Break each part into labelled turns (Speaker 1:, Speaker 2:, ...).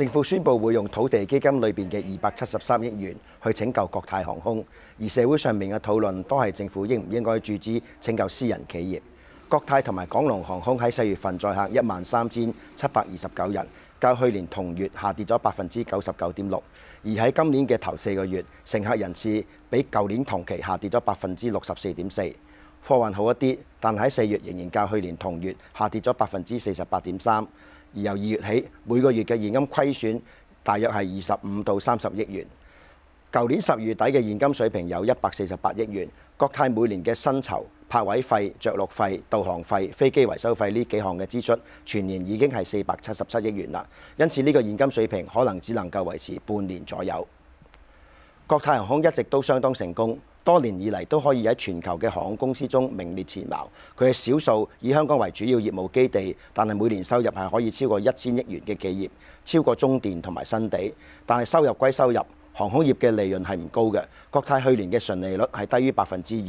Speaker 1: 政府宣布會用土地基金裏邊嘅二百七十三億元去拯救國泰航空，而社會上面嘅討論都係政府應唔應該注資拯救私人企業。國泰同埋港龍航空喺四月份載客一萬三千七百二十九人，較去年同月下跌咗百分之九十九點六，而喺今年嘅頭四個月，乘客人次比舊年同期下跌咗百分之六十四點四。貨運好一啲，但喺四月仍然較去年同月下跌咗百分之四十八點三。而由二月起，每個月嘅現金虧損大約係二十五到三十億元。舊年十月底嘅現金水平有一百四十八億元。國泰每年嘅薪酬、泊位費、着陸費、導航費、飛機維修費呢幾項嘅支出，全年已經係四百七十七億元啦。因此呢個現金水平可能只能夠維持半年左右。國泰航空一直都相當成功。多年以嚟都可以喺全球嘅航空公司中名列前茅，佢係少數以香港為主要業務基地，但係每年收入係可以超過一千億元嘅企業，超過中電同埋新地。但係收入歸收入，航空業嘅利潤係唔高嘅。國泰去年嘅純利率係低於百分之二，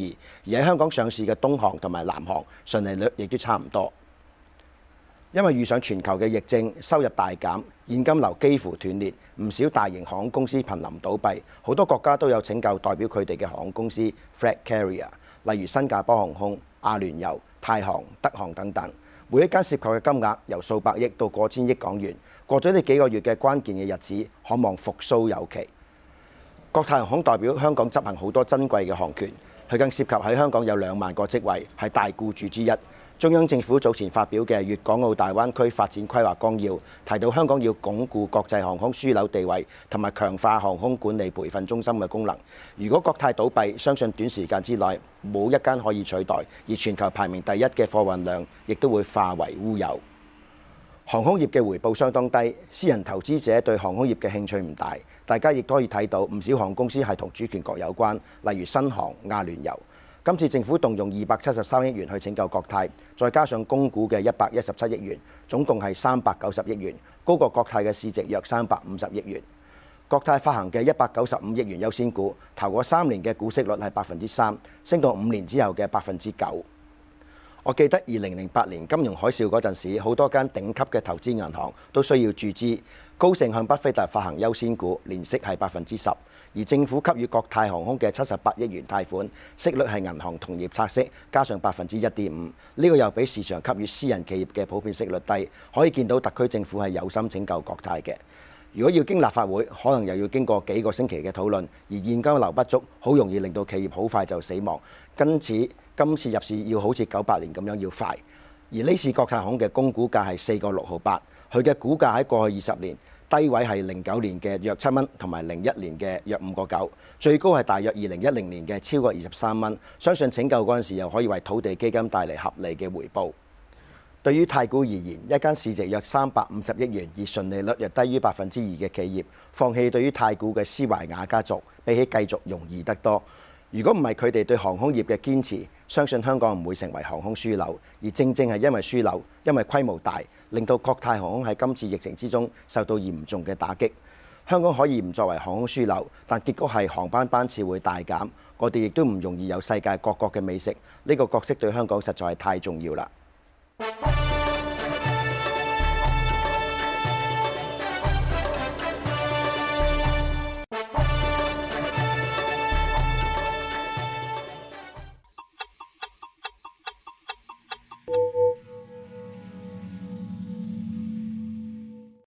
Speaker 1: 而喺香港上市嘅東航同埋南航，純利率亦都差唔多。因為遇上全球嘅疫症，收入大減，現金流幾乎斷裂，唔少大型航空公司瀕臨倒閉，好多國家都有拯救代表佢哋嘅航空公司 flag carrier，例如新加坡航空、阿聯酋、泰航、德航等等，每一間涉及嘅金額由數百億到過千億港元。過咗呢幾個月嘅關鍵嘅日子，可望復甦有期。國泰航空代表香港執行好多珍貴嘅航權，佢更涉及喺香港有兩萬個職位，係大雇主之一。中央政府早前發表嘅《粵港澳大灣區發展規劃綱要》提到，香港要鞏固國際航空樞紐地位，同埋強化航空管理培訓中心嘅功能。如果國泰倒閉，相信短時間之內冇一間可以取代，而全球排名第一嘅貨運量亦都會化為烏有。航空業嘅回報相當低，私人投資者對航空業嘅興趣唔大。大家亦都可以睇到，唔少航空公司係同主權國有關，例如新航、阿聯酋。今次政府動用二百七十三億元去拯救國泰，再加上供股嘅一百一十七億元，總共係三百九十億元，高過國泰嘅市值約三百五十億元。國泰發行嘅一百九十五億元優先股，頭個三年嘅股息率係百分之三，升到五年之後嘅百分之九。我記得二零零八年金融海嘯嗰陣時，好多間頂級嘅投資銀行都需要注資。高盛向巴菲特發行優先股，年息係百分之十。而政府給予國泰航空嘅七十八億元貸款，息率係銀行同業拆息，加上百分之一點五。呢、呢個又比市場給予私人企業嘅普遍息率低，可以見到特區政府係有心拯救國泰嘅。如果要經立法會，可能又要經過幾個星期嘅討論，而現金流不足，好容易令到企業好快就死亡。因此，今次入市要好似九八年咁樣要快，而呢次國泰航嘅供股價係四個六毫八，佢嘅股價喺過去二十年低位係零九年嘅約七蚊，同埋零一年嘅約五個九，最高係大約二零一零年嘅超過二十三蚊。相信拯救嗰陣時又可以為土地基金帶嚟合理嘅回報。對於太古而言，一間市值約三百五十億元而純利率約低於百分之二嘅企業，放棄對於太古嘅施懷雅家族，比起繼續容易得多。如果唔係佢哋對航空業嘅堅持，相信香港唔會成為航空樞紐。而正正係因為樞紐，因為規模大，令到國泰航空喺今次疫情之中受到嚴重嘅打擊。香港可以唔作為航空樞紐，但結果係航班班次會大減。我哋亦都唔容易有世界各國嘅美食。呢、這個角色對香港實在係太重要啦。